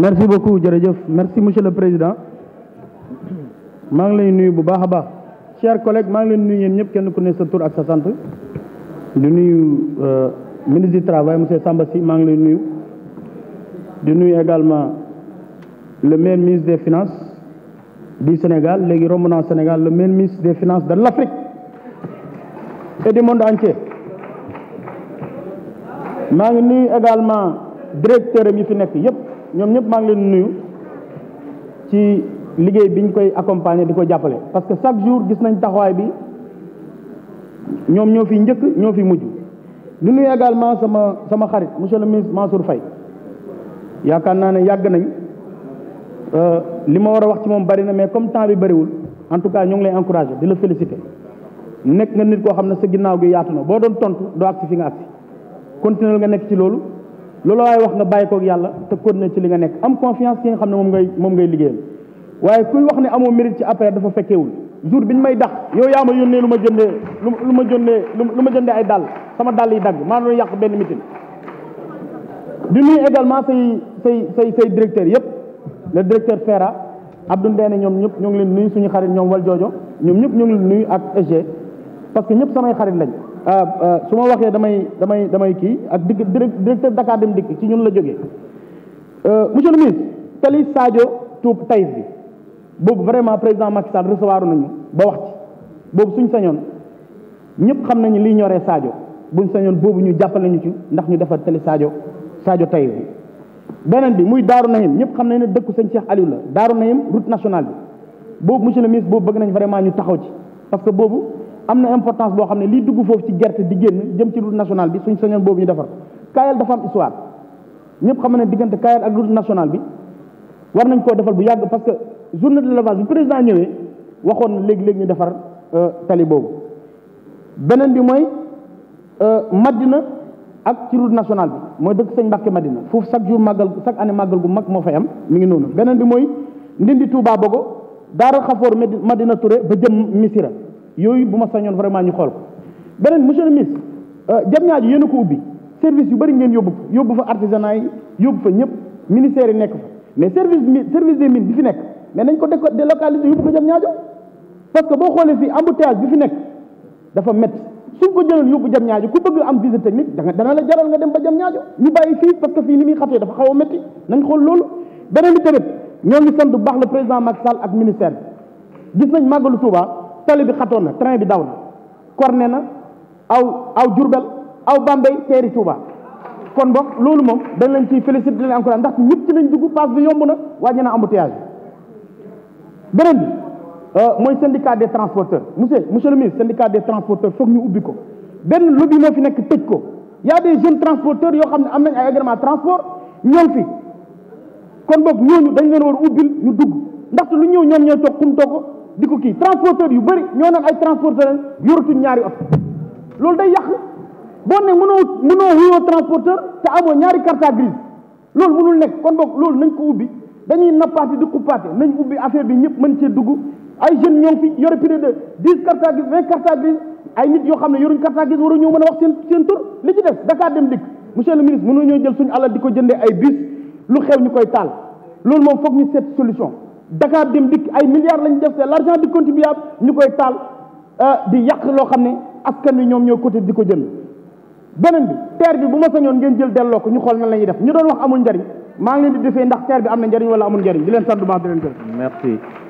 merci beaucoup jërëjëf merci monsieur le président Je vous lay chers collègues je vous remercie nuyu yéen kenn ku ne sa tour. ak sa euh, ministre du travail monsieur Sambassi, Sy vous remercie. lay nuyu également le même ministre des finances du Sénégal le Sénégal le même ministre des finances de l'Afrique et du monde entier Je vous nuyu également directeur yi fi ñoom ñëpp maa ngi leen nuyu ci liggéey bi ñu koy accompagner di ko jàppale parce que chaque jour gis nañ taxawaay bi ñoom ñoo fi njëkk ñoo fi mujj di nuyu également sama sama xarit monsieur le ministre Mansour Faye yaakaar naa ne yàgg nañ euh, li ma war a wax ci moom bari na mais comme temps bi bariwul en tout cas ñu ngi lay encourager di la féliciter nekk nga nit koo xam ne sa ginnaaw gi yaatu na boo doon tontu doo agsi fi nga agsi continuer nga nekk ci loolu loolu waaye wax nga bàyyi koog yàlla te na ci li nga nekk am confiance ki nga xam ne moom ngay moom ngay liggéeyal waaye kuy wax ni amoo mérite ci affaire dafa fekkeewul jour biñ may dax yow yaa ma yónnee lu ma jëndee lu ma jëndee lu ma jëndee ay dàll sama dàll yi dagg maa doon yàq benn mitin di nuyu également say say say say directeur yëpp le directeur Fera Abdou ne ñoom ñëpp ñoo ngi leen nuyu suñu xarit ñoom wal joojo ñoom ñëpp ñoo ngi leen nuyu parce que ñëpp samay xarit lañ Euh, euh, su ma waxee damay damay damay kii ak digg directeur Dakar dem dikk ci ñun la jóge euh, monsieur le ministre tali Sadio Touba Taïf bi boobu vraiment président Macky Sall recevoir nañu ba wax ci boobu suñ sañoon ñëpp xam nañ liy ñoree Sadio buñ sañoon boobu ñu jàppale ñu ci ndax ñu defar tali Sadio Sadio Taïf bi beneen bi muy Daaru Nahim ñëpp xam nañ ne dëkku sëñ Cheikh Aliou la Daaru Nahim route nationale bi boobu monsieur le boobu bëgg nañ vraiment ñu taxaw ci parce am na importance boo xam ne lii dugg foofu ci gerte di génn jëm ci route nationale bi suñ sañoon boobu ñu defar Kayel dafa am histoire ñëpp xam ne diggante Kayel ak route nationale bi war nañ koo defal bu yàgg parce que journée de l'élevage bu président ñëwee waxoon na léegi léegi ñu defar euh, tali boobu beneen bi mooy euh, Madina ak ci route nationale bi mooy dëkk sëñ Mbàkke Madina foofu chaque jour màggal chaque année màggal gu mag moo fay am mi ngi noonu beneen bi mooy ndindi Touba Bogo Daara Xafoor Madina Touré ba jëm Misira yooyu bu ma sañoon vraiment ñu xool ko beneen monsieur le ministre jam ñaaju yéen a ko ubbi service yu bëri ngeen yóbbu yóbbu fa artisanat yi yóbbu fa ñëpp ministère yi nekk fa mais service service des mines bi fi nekk mais nañ ko délocaliser yóbbu ko jam ñaajo parce que boo xoolee fii embouteillage bi fi nekk dafa métti suñ ko jëloon yóbbu jam ñaajo ku bëgg am visite technique danga dana la jaral nga dem ba jam ñaajo ñu bàyyi fii parce que fii ni muy xatee dafa xaw a métti nañ xool loolu beneen bi tamit ñoo ngi sant baax le président Macky Sall ak ministère gis nañ màggalu Touba tali bi xatoon na train bi daw na corné na aw aw Diourbel aw Bambey teeri Touba kon boog loolu moom dañ leen ciy félicité di leen ndax ñëpp ci lañ dugg pass bi yomb na wàññi na embouteillage bi beneen bi euh, mooy syndicat de transporteurs monsieur monsieur le ministre syndicat des transporteurs foog ñu ubbi ko benn lobby moo fi nekk tëj ko y a des jeunes transporteurs yoo xam ne am nañ ay agrément transport ñoom fi kon boog ñooñu dañ leen war ubbil ñu dugg ndaxte lu ñëw ñoom ñooy toog kum toog di ko kii transporteur yu bëri ñoo naan ay transporteur yoratuñ ñaari oto loolu day yàq boo ne mënoo mënoo wuyoo transporteur te amoon ñaari carte grise loolu mënul nekk kon boog loolu nañ ko ubbi dañuy nappaati di kuppaate nañ ubbi affaire bi ñëpp mën cee dugg ay jeunes ñoo ngi fi yore plus de dix carte grise vingt carte grise ay nit yoo xam ne yoruñ carte grise waru ñoo mën a wax seen seen tur li ci des Dakar dem dikk monsieur le ministre mënoo ñoo jël suñu alal di ko jëndee ay bus lu xew ñu koy taal loolu moom foog ñu seet solution Dakar dem mbikk ay milliards lañ def c'est l'argent di contribuable ñu koy taal euh, di yàq loo xam ne askan wi ñoom ñoo côté di ko jënd beneen bi terre bi bu ma sañoon ngeen jël delloo ko ñu xool nan la def ñu doon wax amul njariñ maa ngi leen di defee ndax terre bi am na njariñ wala amul njariñ di leen sant bu baax di leen gërëm merci